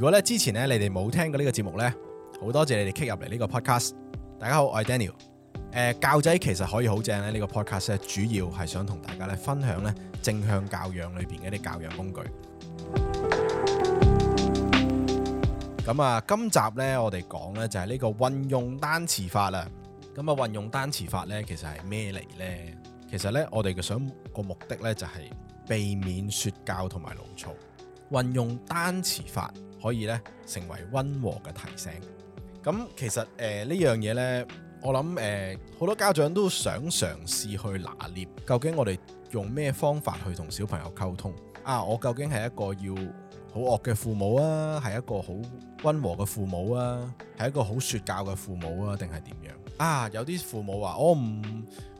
如果咧之前咧你哋冇聽過呢個節目咧，好多謝你哋 kick 入嚟呢個 podcast。大家好，我係 Daniel。誒、呃，教仔其實可以好正咧。呢、這個 podcast 主要係想同大家咧分享咧正向教養裏邊嘅一啲教養工具。咁啊、嗯，今集咧我哋講咧就係呢個運用單詞法啦。咁啊，運用單詞法咧其實係咩嚟咧？其實咧我哋嘅想個目的咧就係避免說教同埋牢嘈。運用單詞法。可以咧成為溫和嘅提醒。咁其實誒呢、呃、樣嘢呢，我諗誒好多家長都想嘗試去拿捏，究竟我哋用咩方法去同小朋友溝通啊？我究竟係一個要好惡嘅父母啊，係一個好溫和嘅父母啊，係一個好說教嘅父母啊，定係點樣啊？有啲父母話：我唔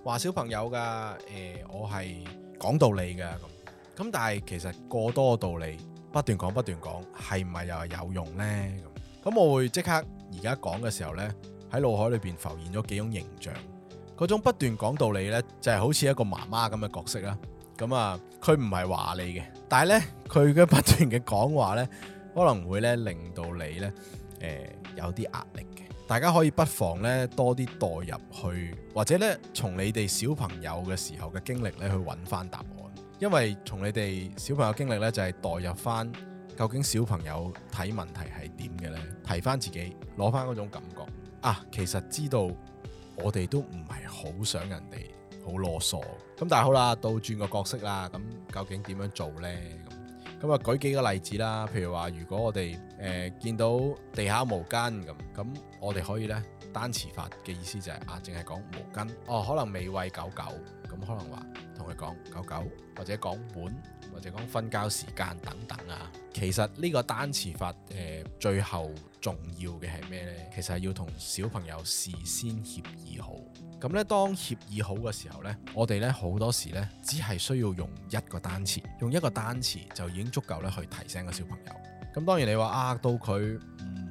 話小朋友㗎，誒、呃、我係講道理嘅咁。咁但係其實過多道理。不斷講不斷講，係唔係又係有用呢？咁咁我會即刻而家講嘅時候呢，喺腦海裏邊浮現咗幾種形象，嗰種不斷講道理呢，就係好似一個媽媽咁嘅角色啦。咁啊，佢唔係話你嘅，但係呢，佢嘅不斷嘅講話呢，可能會呢令到你呢誒、呃、有啲壓力嘅。大家可以不妨呢多啲代入去，或者呢從你哋小朋友嘅時候嘅經歷呢去揾返答案。因為從你哋小朋友經歷呢，就係代入返，究竟小朋友睇問題係點嘅呢？提返自己，攞返嗰種感覺。啊，其實知道我哋都唔係好想人哋好囉嗦。咁但係好啦，倒轉個角色啦。咁究竟點樣做呢？咁咁啊，舉幾個例子啦。譬如話，如果我哋誒、呃、見到地下毛巾咁，咁我哋可以呢單詞法嘅意思就係、是、啊，淨係講毛巾。哦，可能未餵狗狗，咁可能話。講狗狗，或者講碗，或者講瞓覺時間等等啊。其實呢個單詞法誒、呃，最後重要嘅係咩呢？其實係要同小朋友事先協議好。咁、嗯、呢，當協議好嘅時候呢，我哋呢好多時呢，只係需要用一個單詞，用一個單詞就已經足夠呢去提醒個小朋友。咁、嗯、當然你話啊，到佢唔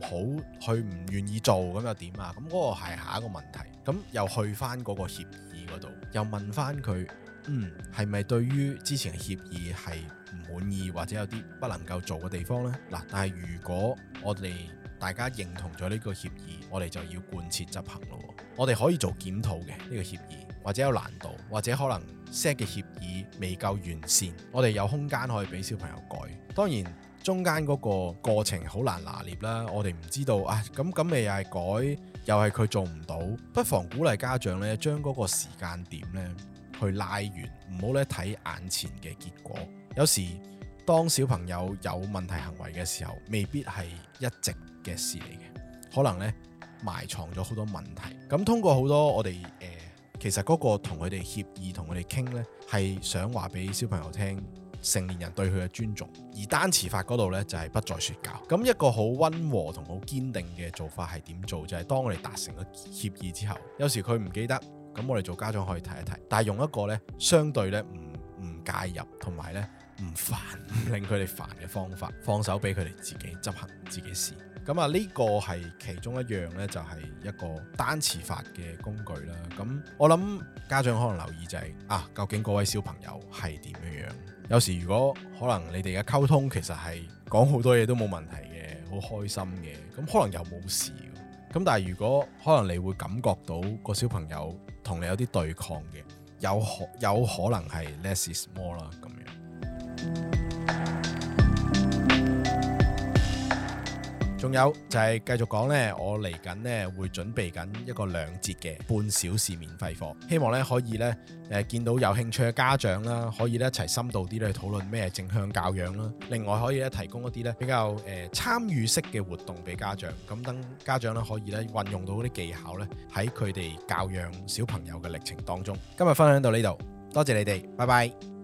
好，去唔願意做咁又點啊？咁、嗯、嗰、嗰個係下一個問題。咁、嗯、又去翻嗰個協議嗰度，又問翻佢。嗯，係咪對於之前嘅協議係唔滿意，或者有啲不能夠做嘅地方呢？嗱，但係如果我哋大家認同咗呢個協議，我哋就要貫徹執行咯。我哋可以做檢討嘅呢個協議，或者有難度，或者可能 set 嘅協議未夠完善，我哋有空間可以俾小朋友改。當然中間嗰個過程好難拿捏啦。我哋唔知道啊，咁、哎、咁你又係改，又係佢做唔到，不妨鼓勵家長呢，將嗰個時間點呢，去拉完，唔好咧睇眼前嘅結果。有時當小朋友有問題行為嘅時候，未必係一直嘅事嚟嘅，可能呢埋藏咗好多問題。咁通過好多我哋誒、呃、其實嗰個同佢哋協議同佢哋傾呢，係想話俾小朋友聽成年人對佢嘅尊重。而單詞法嗰度呢就係、是、不再說教。咁一個好溫和同好堅定嘅做法係點做？就係、是、當我哋達成咗協議之後，有時佢唔記得。咁我哋做家長可以睇一睇，但係用一個呢，相對呢，唔唔介入同埋呢，唔煩，令佢哋煩嘅方法，放手俾佢哋自己執行自己事。咁啊，呢個係其中一樣呢就係一個單詞法嘅工具啦。咁我諗家長可能留意就係、是、啊，究竟各位小朋友係點樣樣？有時如果可能你哋嘅溝通其實係講好多嘢都冇問題嘅，好開心嘅，咁可能又冇事。咁但係如果可能，你會感覺到個小朋友同你有啲對抗嘅，有可有可能係 less is more 啦，咁。仲有就係繼續講呢。我嚟緊呢會準備緊一個兩節嘅半小時免費課，希望呢可以呢誒見到有興趣嘅家長啦，可以一齊深度啲去討論咩正向教養啦。另外可以咧提供一啲呢比較誒參與式嘅活動俾家長，咁等家長呢可以呢運用到啲技巧呢喺佢哋教養小朋友嘅歷程當中。今日分享到呢度，多謝你哋，拜拜。